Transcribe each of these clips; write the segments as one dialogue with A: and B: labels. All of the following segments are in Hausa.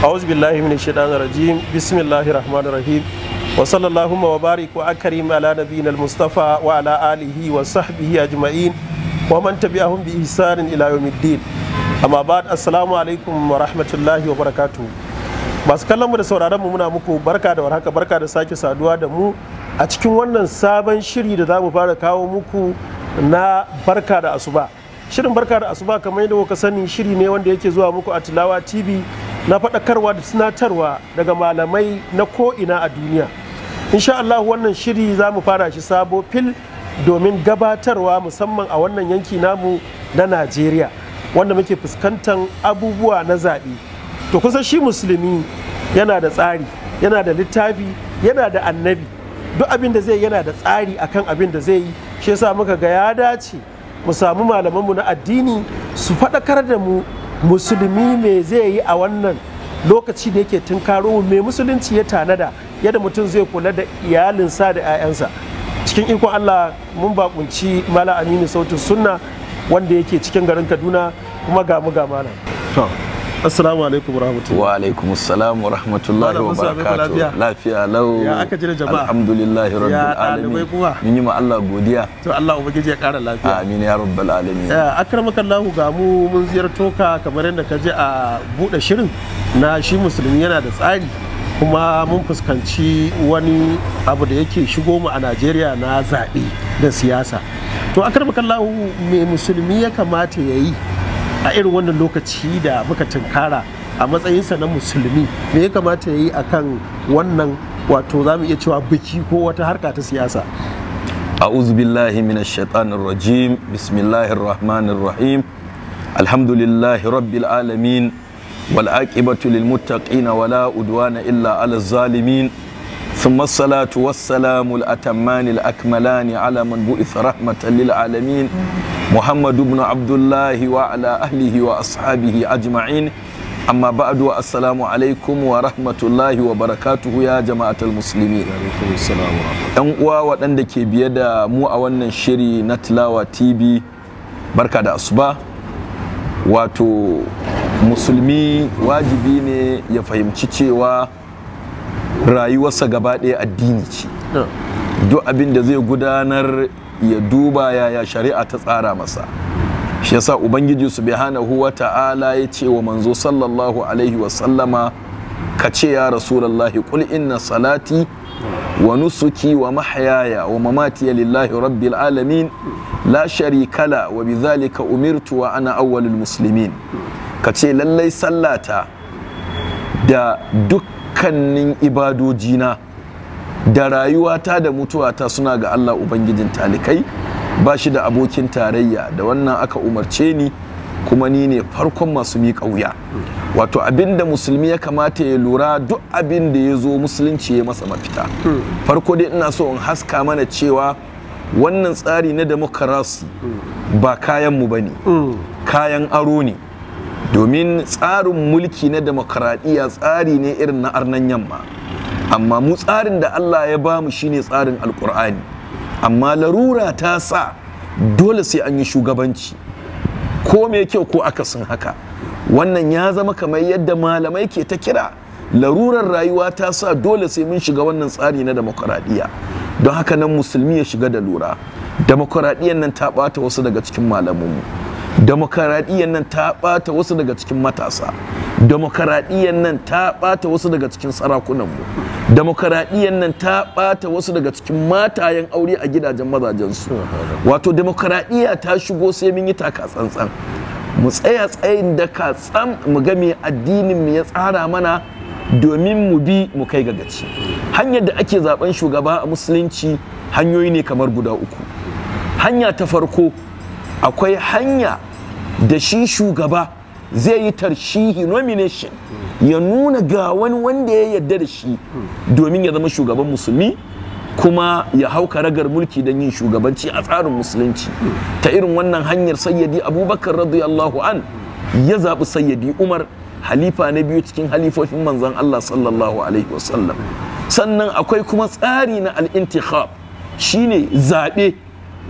A: أعوذ بالله من الشيطان الرجيم بسم الله الرحمن الرحيم وصلى اللهم وبارك وأكرم على نبينا المصطفى وعلى آله وصحبه أجمعين ومن تبعهم بإحسان إلى يوم الدين amma ba assalamu alaikum wa rahmatullahi wa barakatu masu kallon mu da sauraron mu muna muku barka da warhaka barka da sake saduwa da mu a cikin wannan sabon shiri da za mu fara kawo muku na barka da asuba shirin barka da asuba kamar yadda kuka sani shiri ne wanda yake zuwa muku a tilawa tv na faɗakarwa da sinatarwa daga malamai na ko'ina a duniya insha Allah wannan shiri za mu fara shi sabo fil domin gabatarwa musamman a wannan yanki namu na najeriya wanda muke fuskantar abubuwa na zaɓe to kusan shi musulmi yana da tsari yana da littafi yana da annabi duk abin da zai yana da tsari akan abin da zai yi shi yasa muka ga ya dace mu samu malamanmu na addini su faɗakar da mu musulmi me zai yi a wannan lokaci da yake tunkaro me musulunci ya tanada yadda mutum zai kula da iyalinsa da 'ya'yansa cikin ikon allah mun bakunci mala aminu sautin sunna wanda yake cikin garin kaduna kuma gamu ga malam
B: Assalamu alaikum rahmatullahi wa alaikum assalam wa rahmatullahi wa barakatuh lafiya lau ya aka jira jama'a alhamdulillahi rabbil alamin mun yi ma Allah godiya
A: to Allah ubangiji ya kara
B: lafiya amin ya rabbal alamin
A: Allah ga mu mun ziyarto ka kamar yadda ka je a bude shirin na shi musulmi yana da tsari kuma mun fuskanci wani abu da yake shigo mu a Najeriya na zaɓe da siyasa to Allah me musulmi ya kamata ya yi a irin wannan lokaci da muka tunkara a matsayinsa na musulmi me ya kamata ya yi a kan wannan wato za mu iya cewa biki ko wata harka ta siyasa
B: a'udhu billahi minash shaitanir rajim bismillahir rahmanir rahim alhamdulillahi rabbil alamin wal aqibatu lil muttaqin wala udwana illa alal zalimin ثم الصلاة والسلام الأتمان الأكملان على من بؤث رحمة للعالمين محمد بن عبد الله وعلى أهله وأصحابه أجمعين أما بعد السلام عليكم ورحمة الله وبركاته يا جماعة المسلمين ɗan uwa waɗanda ke biye da mu a wannan shiri بركة أصبا واتو مسلمي واجبيني يفهم تشيوا rayuwarsa gaba ɗaya addini ce duk abin da zai gudanar ya duba yaya shari'a ta tsara masa shi yasa ubangiji subhanahu wa ta'ala ya ce wa manzo sallallahu alaihi wa sallama ka ce ya lallahi qul inna salati wa nusuki wa mahayaya wa mamati lillahi rabbil alamin la sharika la wa bidhalika umirtu wa ana awwalul muslimin ka ce lallai sallata da duk dukkanin ibadojina da rayuwata da mutuwata suna ga Allah Ubangijin talikai ba shi da abokin tarayya da wannan aka umarce ni kuma ni ne farkon masu miƙa wuya wato abin da musulmi ya kamata ya lura duk abin da ya zo musulunci ya masa mafita farko dai ina so in haska mana cewa wannan tsari na demokarasi ba kayan mu ne. kayan aro ne domin tsarin mulki na demokradiyya tsari ne irin na arnan yamma amma mu tsarin da Allah ya ba mu shine tsarin alkur'ani amma larura ta sa dole sai an yi shugabanci ko mai kyau ko akasin haka wannan ya zama kamar yadda malamai ke ta kira larurar rayuwa ta sa dole sai mun shiga wannan tsari na demokradiyya don haka nan musulmi ya shiga da lura demokradiyyar nan ta ɓata wasu daga cikin malamanmu demokaradiyyar nan ta ɓata wasu daga cikin matasa demokaradiyyar nan ta ɓata wasu daga cikin mu demokaradiyyar nan ta ɓata wasu daga cikin matayen aure a gidajen mazajen su wato demokaradiyya ta shigo sai mun yi taka tsantsan mu tsaya tsayin daka tsam mu ga me addinin mu ya tsara mana domin mu bi mu kai ga gaci hanyar da ake zaben shugaba a musulunci hanyoyi ne kamar guda uku hanya ta farko akwai hanya da shi shugaba zai yi tarshihi nomination ya nuna ga wani wanda ya yarda da shi domin ya zama shugaban musulmi kuma ya hau karagar mulki don yin shugabanci a tsarin musulunci ta irin wannan hanyar sayyadi abubakar radiyallahu an ya zaɓi sayyadi umar halifa na biyu cikin halifofin manzan allah sallallahu alaihi wasallam sannan akwai kuma tsari na Shi shine zaɓe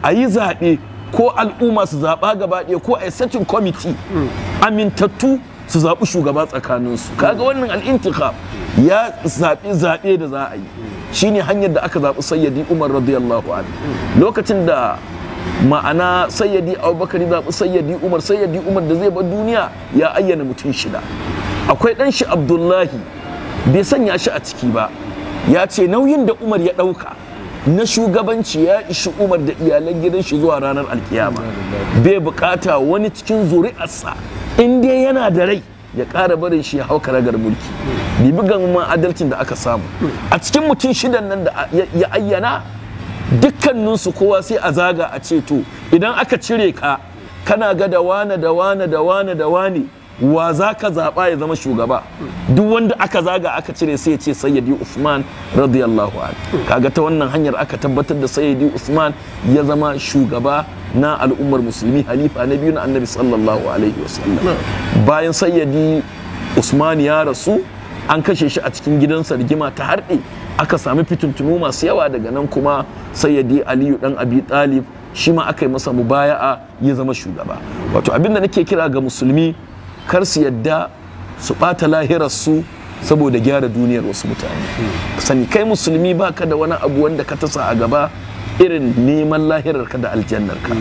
B: a yi zaɓe ko al'umma su zaɓa gaba ɗaya ko a setting committee amintattu su zaɓi shugaba tsakaninsu kaga wannan al'intika ya zaɓi zaɓe da za a yi shine hanyar da aka zaɓi sayyadi umar radiyallahu anhu lokacin da ma'ana sayyadi abubakar zaɓi sayyadi umar sayyadi umar da zai bar duniya ya ayyana mutum shida akwai ɗan shi abdullahi bai sanya shi a ciki ba ya ce nauyin da umar ya ɗauka na shugabanci ya ishi umar da iyalan gidan shi zuwa ranar alkiyama bai bukata wani cikin zuri'arsa in dai yana da rai ya ƙara barin shi ya hau karagar mulki bibi ma adalcin da aka samu a cikin mutum shidan nan da ya ayyana dukkaninsu kowa sai a zaga a ce to idan aka cire ka kana ga da wane da wane wa za ka zaɓa ya zama shugaba duk wanda aka zaga aka cire sai ya ce sayyidi usman radiyallahu an kaga ta wannan hanyar aka tabbatar da sayyidi usman ya zama shugaba na al'ummar musulmi halifa na biyu na annabi sallallahu alaihi wasallam bayan sayyidi usman ya rasu an kashe shi a cikin gidansa rigima ta harɗe aka sami fitintunu masu yawa daga nan kuma sayyidi aliyu dan abi talib shi ma aka yi masa mubaya'a ya zama shugaba wato abinda nake kira ga musulmi kar su yadda su ɓata su saboda gyara duniyar wasu mutane sani kai musulmi baka da wani abu wanda ka tasa a gaba irin neman lahirarka da aljannarka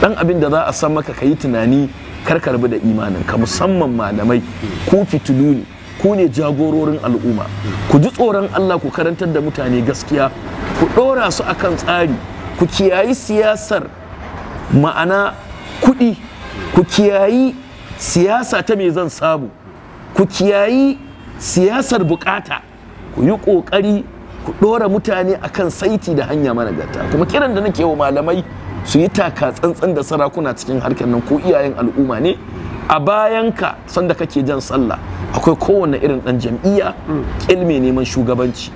B: dan abin da za a san maka ka tunani kar karbi da imanin ka musamman malamai ku fitilu ku ne jagororin al'umma ku ji tsoron Allah ku karantar da mutane gaskiya ku ɗora su akan tsari ku kiyayi siyasar ma'ana kuɗi ku kiyayi siyasa ta me zan samu ku kiyayi siyasar bukata ku yi ƙoƙari ku ɗora mutane akan saiti da hanya managarta kuma kiran da nake wa malamai su yi taka tsantsan da sarakuna cikin harkar nan ko iyayen al'umma ne a bayan ka sanda kake jan sallah akwai kowanne irin dan jam'iyya ilmi neman shugabanci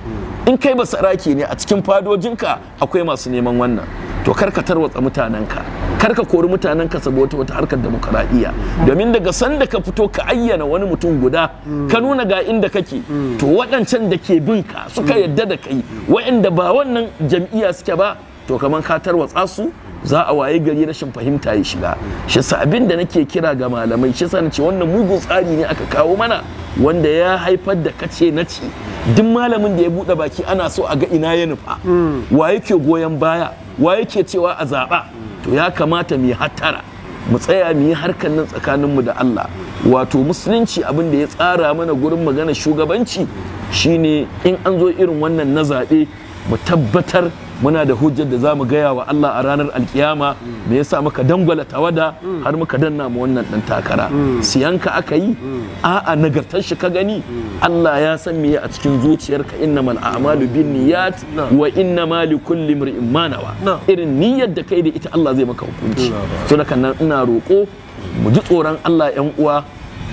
B: in kai ba saraki ne a cikin fadojinka akwai masu neman wannan to tarwatsa mutanen ka. kar ka kori mutanen ka saboda wata harkar demokaradiyya domin daga sanda ka fito ka ayyana wani mutum guda ka nuna ga inda kake to waɗancan da ke bin ka suka yadda da kai waɗanda ba wannan jam'iyya suke ba to kaman ka tarwatsa su za a waye gari rashin fahimta ya shiga shi sa abin da nake kira ga malamai shi sa na ce wannan mugun tsari ne aka kawo mana wanda ya haifar da kace na ci duk malamin da ya bude baki ana so a ga ina ya nufa mm. wa ke goyon baya wa ke cewa a zaba to ya kamata mu yi hattara mu tsaya mu yi harkar nan tsakaninmu da Allah wato musulunci abin da ya tsara mana gurin magana shugabanci shine in an zo irin wannan na zaɓe mu tabbatar muna da hujjar da zamu gaya wa Allah a ranar alkiyama me yasa muka dangwala tawada har muka danna mu wannan dan takara siyanka aka yi a'a nagartar shi ka gani Allah ya san me a cikin zuciyarka innamal a'malu binniyat wa innama likulli imrin ma nawa irin niyyar da kai da ita Allah zai maka hukunci to da nan ina roko mu ji tsoron Allah yan uwa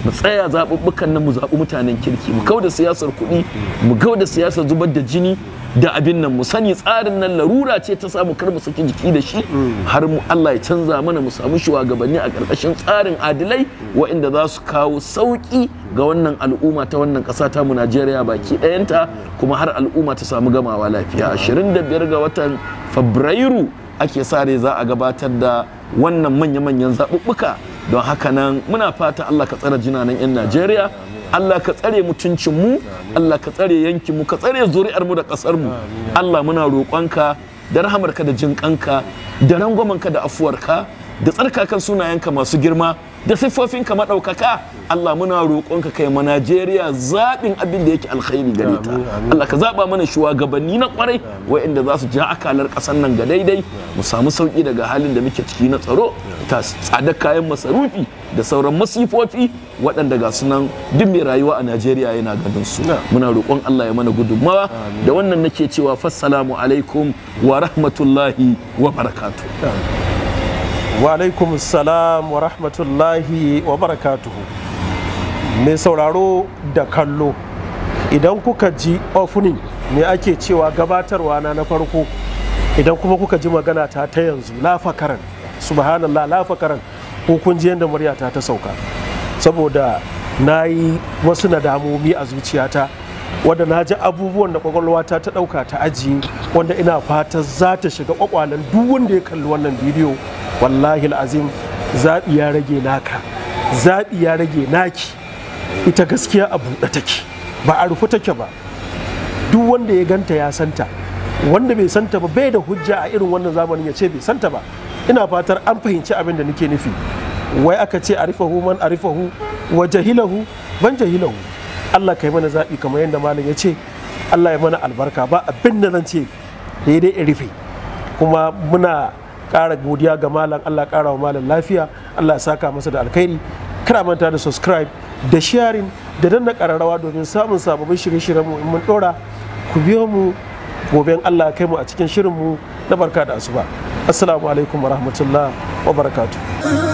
B: mu tsaya zaɓuɓɓukan nan mu zaɓi mutanen kirki mu kauda siyasar kuɗi mu kauda siyasar zubar da jini da abin nan mu sani tsarin nan larura ce ta samu kar mu saki jiki da shi har mu Allah ya canza mana mu samu shugabanni a ƙarƙashin tsarin adilai waɗanda za su kawo sauƙi ga wannan al'umma ta wannan ƙasa ta mu Najeriya baki ɗayanta kuma har al'umma ta samu gamawa lafiya biyar ga watan Fabrairu ake sare za a gabatar da wannan manya-manyan zaɓuɓɓuka don haka nan muna fata Allah ka tsara jinanan 'yan Najeriya Allah ka tsare mutuncin mu Allah ka tsare yankin mu ka tsare zuri'ar mu da ƙasar mu Allah muna roƙonka da rahamarka da jinƙanka da rangwamanka da afuwarka da tsarkakan sunayenka masu girma da siffofinka maɗaukaka Allah muna roƙonka kai ma Najeriya zaɓin abin da yake alkhairi gare ta Allah ka zaɓa mana shugabanni na kwarai waɗanda za su ja akalar ƙasar nan ga daidai mu samu sauƙi daga halin da muke ciki na tsaro ta tsada kayan masarufi da sauran masifofi waɗanda ga sunan duk mai rayuwa a Najeriya yana ganin su muna roƙon Allah ya mana gudummawa da wannan nake cewa fassalamu alaikum wa rahmatullahi wa barakatuh
A: wa salam wa rahmatullahi wa barakatuhu mai sauraro da kallo idan kuka ji ofunin me ake cewa gabatarwa na na farko idan kuma kuka ji magana ta ta yanzu lafakaran subhanallah lafakaran hukunji yadda muryata ta sauka saboda na yi wasu nadamomi a zuciyata wadda na ji abubuwan da kwakwalwata ta ɗauka ta ajiye wanda ina fata za ta shiga kwakwalen duk wanda ya kalli wannan bidiyo wallahi azim zaɓi ya rage naka zaɓi ya rage naki ita gaskiya a buɗe take ba a rufe take ba duk wanda ya ganta ya santa wanda bai santa ba bai da hujja a irin wannan zamanin ya ce bai santa ba ina fatar an fahimci abin da nake nufi wai aka ce arifahu man arifahu wa jahilahu ban jahilahu Allah kai mana zaɓi kamar yadda malam ya ce Allah ya mana albarka ba abin da zan ce daidai rufe kuma muna kara godiya ga malam Allah ƙara wa malam lafiya Allah ya saka masa da alkhairi kada manta da subscribe da sharing da danna kararrawa domin samun sababbin shirye-shiryen mu in mun ɗora ku biyo mu goben Allah kai mu a cikin shirin mu na barka da asuba assalamu alaikum wa rahmatullah wa barakatuh